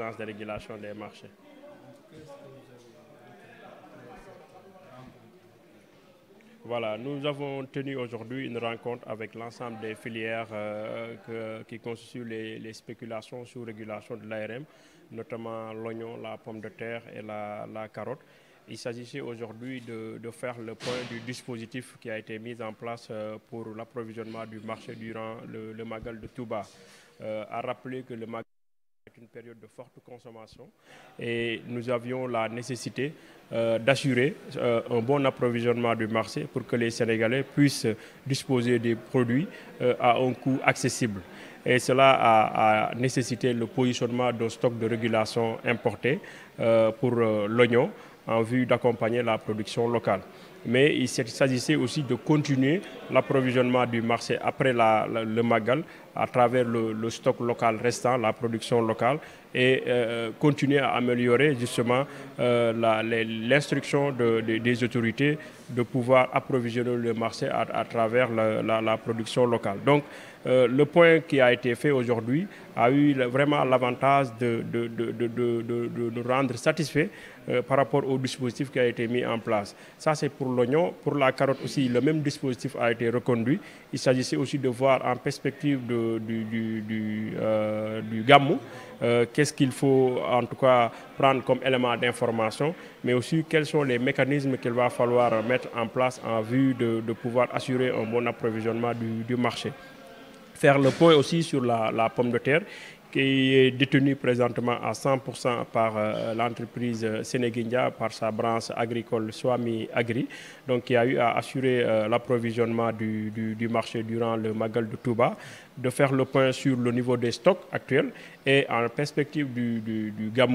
agence de régulation des marchés. Voilà, nous avons tenu aujourd'hui une rencontre avec l'ensemble des filières euh, qui constituent les, spéculations sous régulation de l'ARM, notamment l'oignon, la pomme de terre et la, carotte. Il s'agissait aujourd'hui de, faire le point du dispositif qui a été mis en place euh, pour l'approvisionnement du marché durant le, magal de Touba. Euh, à rappeler que le magal une période de forte consommation et nous avions la nécessité euh, d'assurer euh, un bon approvisionnement du marché pour que les Sénégalais puissent disposer des produits euh, à un coût accessible. Et cela a, nécessité le positionnement d'un stock de régulation importé pour l'oignon en vue d'accompagner la production locale mais il s'agissait aussi de continuer l'approvisionnement du marché après le Magal à travers le, stock local restant, la production locale, et euh, continuer à améliorer justement euh, l'instruction des autorités de pouvoir approvisionner le marché à, travers la, production locale. Donc, euh, le point qui a été fait aujourd'hui a eu vraiment l'avantage de, de, nous rendre satisfaits par rapport au dispositif qui a été mis en place. Ça, c'est pour l'oignon. Pour la carotte aussi, le même dispositif a été reconduit. Il s'agissait aussi de voir en perspective de du, du, euh, euh, qu'est-ce qu'il faut en tout cas prendre comme élément d'information, mais aussi quels sont les mécanismes qu'il va falloir mettre en place en vue de, pouvoir assurer un bon approvisionnement du, marché. Faire le point aussi sur la, pomme de terre qui est détenue présentement à 100% par euh, l'entreprise Sénéguindia, par sa branche agricole Swami Agri, donc qui a eu à assurer l'approvisionnement du, du, marché durant le Magal de Touba de faire le point sur le niveau des stocks actuels et en perspective du, du,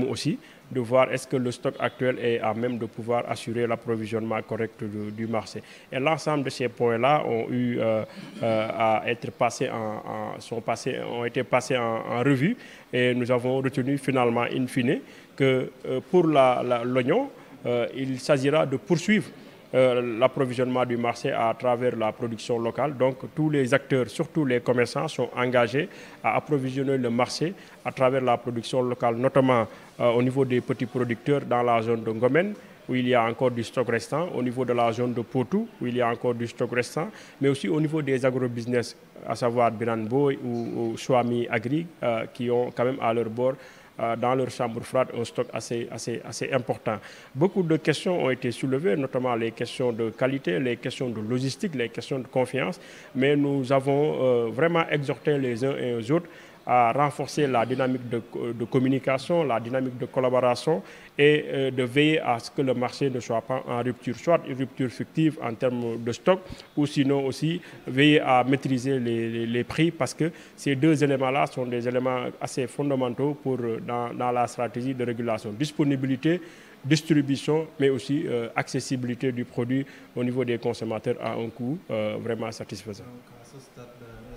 aussi, de voir est-ce que le stock actuel est à même de pouvoir assurer l'approvisionnement correct du, marché. Et l'ensemble de ces points-là ont eu euh, euh, à être passés en, sont passés, ont été passés en, revue et nous avons retenu finalement in fine que euh, pour l'oignon, la, il s'agira de poursuivre euh, l'approvisionnement du marché à travers la production locale. Donc tous les acteurs, surtout les commerçants, sont engagés à approvisionner le marché à travers la production locale, notamment euh, au niveau des petits producteurs dans la zone de Ngomen, où il y a encore du stock restant, au niveau de la zone de Potou, où il y a encore du stock restant, mais aussi au niveau des agrobusiness, à savoir Biranboy ou, Swami Agri, euh, qui ont quand même à leur bord euh, dans leur chambre froide un stock assez, assez, assez important. Beaucoup de questions ont été soulevées, notamment les questions de qualité, les questions de logistique, les questions de confiance, mais nous avons euh, vraiment exhorté les uns et les autres à renforcer la dynamique de, communication, la dynamique de collaboration et euh, de veiller à ce que le marché ne soit pas en rupture, soit une rupture fictive en termes de stock, ou sinon aussi veiller à maîtriser les, prix, parce que ces deux éléments-là sont des éléments assez fondamentaux pour, euh, dans, la stratégie de régulation. Disponibilité, distribution, mais aussi euh, accessibilité du produit au niveau des consommateurs à un coût vraiment satisfaisant ce stade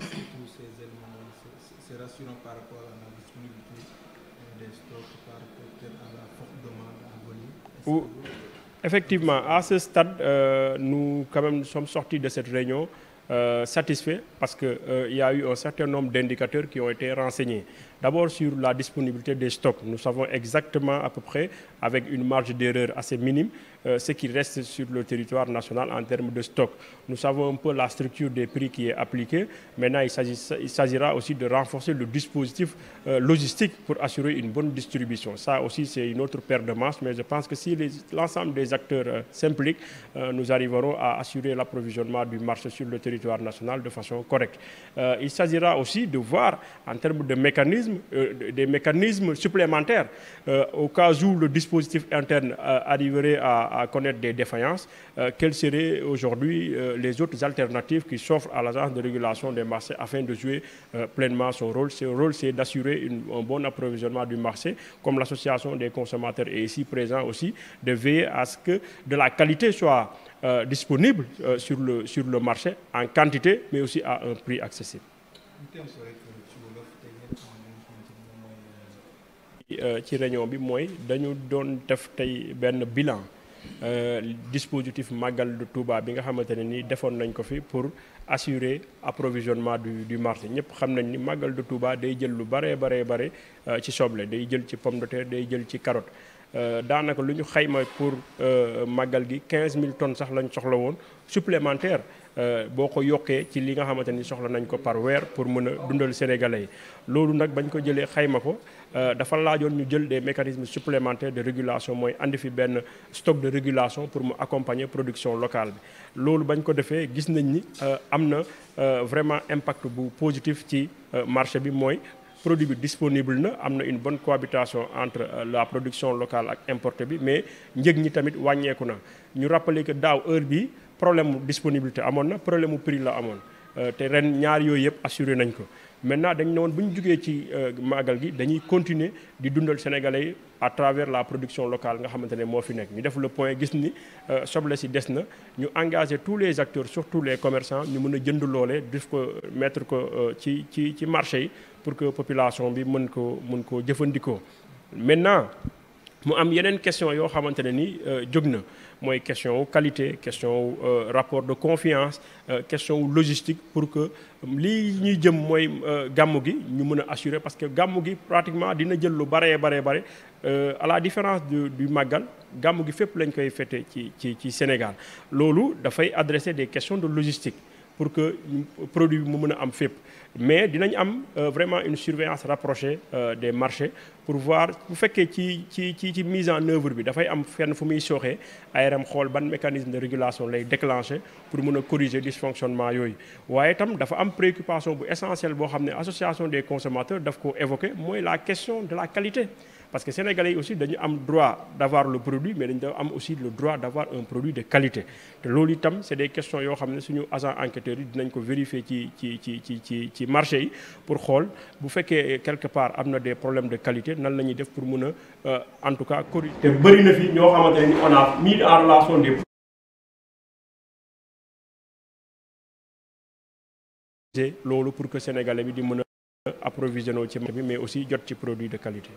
ce tous ces éléments c'est rassurant par rapport à la disponibilité euh, des stocks, par rapport à la forte demande à Effectivement, à ce stade, euh, nous quand même sommes sortis de cette réunion euh, satisfaits parce qu'il euh, il y a eu un certain nombre d'indicateurs qui ont été renseignés. D'abord sur la disponibilité des stocks. Nous savons exactement à peu près, avec une marge d'erreur assez minime, euh, ce qui reste sur le territoire national en termes de stock. Nous savons un peu la structure des prix qui est appliquée. Maintenant, il s'agira aussi de renforcer le dispositif euh, logistique pour assurer une bonne distribution. Ça aussi, c'est une autre paire de manches, mais je pense que si l'ensemble des acteurs euh, s'impliquent, nous arriverons à assurer l'approvisionnement du marché sur le territoire national de façon correcte. il s'agira aussi de voir, en termes de mécanismes, des mécanismes supplémentaires, au cas où le dispositif interne arriverait à à connaître des défaillances, euh, quelles seraient aujourd'hui euh, les autres alternatives qui s'offrent à l'agence de régulation des marchés afin de jouer euh, pleinement son rôle Son rôle, c'est d'assurer un bon approvisionnement du marché, comme l'association des consommateurs est ici présent aussi, de veiller à ce que de la qualité soit disponible sur, le, sur le marché en quantité, mais aussi à un prix accessible. ci bilan le euh, dispositif Magal de Touba bi nga défendu nañ pour assurer approvisionnement du du marché ñep xam nañ ni Magal de Touba day jël lu bare bare euh, bare ci soble day jël ci pomme de terre day jël ci carotte euh, dans lu ñu xayma pour euh, magal gi 15000 tonnes sax lañ soxla won supplémentaire euh boko yoké ci li nga xamante soxla nañ ko par wèr pour mëna dundal sénégalais lolu nak nag bañ ko jëlé xayma ko euh, dafa lajone ñu jël des mécanismes supplémentaires de régulation moy andi fi ben stock de régulation pour mu accompagner production locale bi loolu bañ ko défé gis nañ ni am vraiment impact bu positif ci marché bi moy produit bi disponible na amna une bonne cohabitation entre euh, la production locale ak importé bi mais ñeug ñi tamit wàññeeku na ñu rappeler que daw heure bi problème disponibilité amoon na problème prix la amoon euh, té ren ñaar yoy yep assurer nañ ko maintenant dañ ne buñ bu ci euh, magal gi dañuy continuer di dundal sénégalais à travers la production locale nga xamante ne moo fi nekk ñu def le point gis ni soble si des na ñu engager tous les acteurs surtout les commerçants ñu mëna a jënd loolee def ko mettre ko ci ci ci marché yi pour que population bi mën ko mën ko jëfandikoo maintenant mu am yeneen question yoo xamante ne ni euh, jóg na mooy question qualité question euh, rapport de confiance euh, question logistique pour que lii ñuy jëm mooy gàmmu gi ñu mën a assurer parce que gàmmu gi pratiquement dina jël lu baré, baré, bare à la différence du du màggal gàmmu gi fépp lañ koy fete ci ci ci Sénégal loolu dafay adresser des questions de logistique pour que produit produits soient fait, am y mais euh, vraiment une surveillance rapprochée euh, des marchés pour voir ce qui est mis mise en œuvre bi faut am fenn fu muy sooxee ARM ban mécanisme de régulation lay déclenché pour corriger corriger dysfonctionnement il y a une am préoccupation essentielle pour l'association des consommateurs daf ko évoqué la question de la qualité parce que sénégalais aussi dañu le droit d'avoir le produit mais ils ont aussi le droit d'avoir un produit de qualité c'est des questions que nous avons suñu agent enquêteurs vérifier ci marché pour que, quelque part y a des problèmes de qualité Nous allons pour euh, en tout cas corriger on a mis en relation des pour que sénégalais puissent approvisionner mais aussi d'autres produits de qualité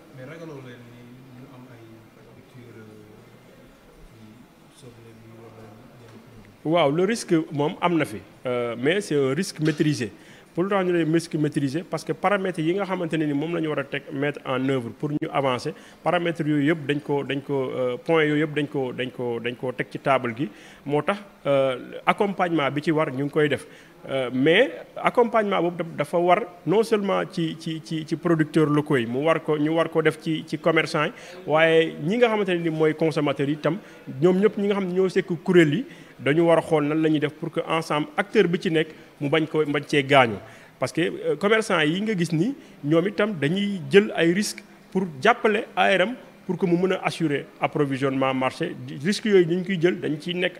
waaw le risque moom am na fi euh, mais c'est un risque maîtrisé pour le ñu ne risque maîtrisé parce que paramètres yi nga xamante ne ni moom la ñu mettre en œuvre pour ñu avancer paramètres yooyu yëpp dañ ko dañ ko euh, point yooyu yëpp dañ ko dañ ko dañ koo teg ci table gi moo tax euh, accompagnement bi ci war ñu ngi koy def mais accompagnement boobu dafa war non seulement ci ci ci ci producteurs locaux yi mu war ko ñu war ko def ci ci commerçant yi waaye ñi nga xamante ne ni mooy consommateurs yi tam ñoom ñëpp ñi nga xam ne ñoo sekk kuréel yi dañu war a xool nan la ñuy def pour que ensemble acteur bi ci nekk mu bañ ko bañ cee gaañu parce que euh, commerçant yi nga gis ni ñoom itam dañuy jël ay risques pour jàppale ARM pour que nous puissions assurer approvisionnement marché risques que nous koy jël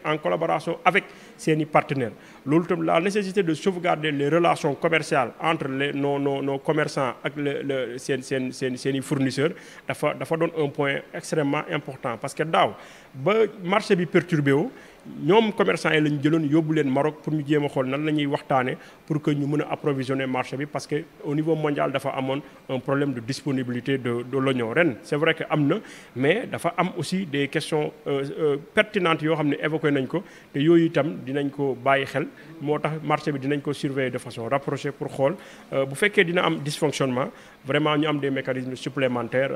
en collaboration avec ces partenaires la nécessité de sauvegarder les relations commerciales entre nos nos nos commerçants et le fournisseurs donne un point extrêmement important parce que si le marché est perturbé les commerçants et les gens ñu viennent du Maroc pour nous dire approvisionner nous nan pour que nous puissions approvisionner marché parce qu'au niveau mondial il y a un problème de disponibilité de de l'oignon c'est vrai que am a mais dafa am aussi des questions euh, euh, pertinentes yoo xam ne évoqué nañ ko te yooyu itam dinañ ko bàyyi xel moo tax marché bi dinañ ko surveiller de façon rapprochée pour xool euh, bu fekkee dina am dysfonctionnement vraiment ñu am des mécanismes supplémentaires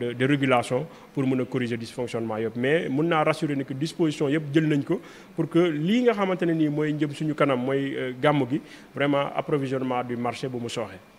de de régulation pour mën corriger dysfonctionnement yëpp mais mun naa rassurer que disposition yëpp jël nañ ko pour que lii nga xamante ne nii mooy njëm suñu kanam mooy gàmm gi vraiment approvisionnement du marché bu mu sooxee